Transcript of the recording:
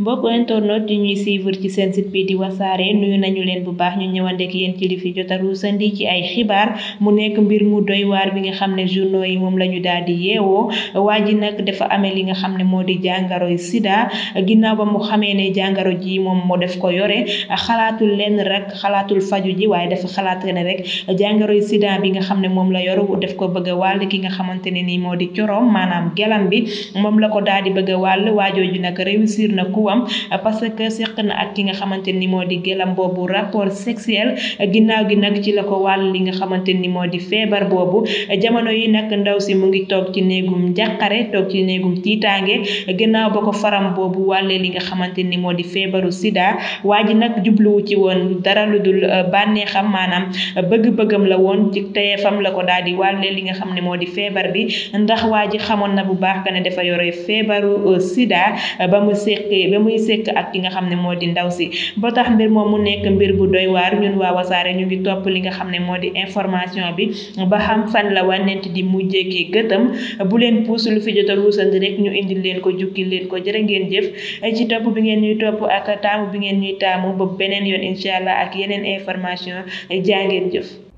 mbokk internet yi ñuy suivre ci seen site bi di wasaare nuyu nañu leen bu baax ñu ñëwandeek yéen ci li fi jotaru sandi ci ay xibaar mu nekk mbir mu doy waar bi nga xam ne journaux yi moom la ñu daal di yeewoo waa ji nag dafa amee li nga xam ne moo di jàngoroy sida ginnaaw ba mu xamee ne jàngoro ji moom moo def ko yore xalaatul lenn rek xalaatul faju ji waaye dafa xalaat ne rek jàngoroy sidaa bi nga xam ne moom la yor def ko bëgg wàll ki nga xamante ne nii moo di coroom maanaam gelam bi moom la ko daal di bëgg a wàll waajooju nag réussir na ku am parce que seq na ak ki nga xamante ni moo di gelam boobu rapport sexuel ginnaaw gi nag ci la ko wàll li nga xamante ni moo di feebar boobu jamono yi nag ndaw si mu ngi toog ci néegum njàqare toog ci néegum tiitaange ginnaaw ba faram boobu wàlle li nga xamante ni moo di feebaru sida waa ji nag jubluwu ci woon dara lu dul euh, bànneexam maanaam bëgg-bëggam la woon ci teyeefam la ko daal di wàlle li nga xam ne moo di feebar bi ndax waa ji xamoon na bu baax ka ne dafa yore feebaru euh, sida ba mu séqee muy sekk ak ki nga xam ne moo di ndaw si ba tax mbir moom mu nekk mbir bu doy waar ñun waa saare ñu ngi topp li nga xam ne moo di information bi ba xam fan la wànnent di mujjee ki gëtam bu leen puus lu fi jot a ruusandi rek ñu indil leen ko jukki leen ko jërë ngeen jëf ci topp bi ngeen ñuy topp ak taamu bi ngeen ñuy taamu ba beneen yoon incha allah ak yeneen information jaa ngeen jëf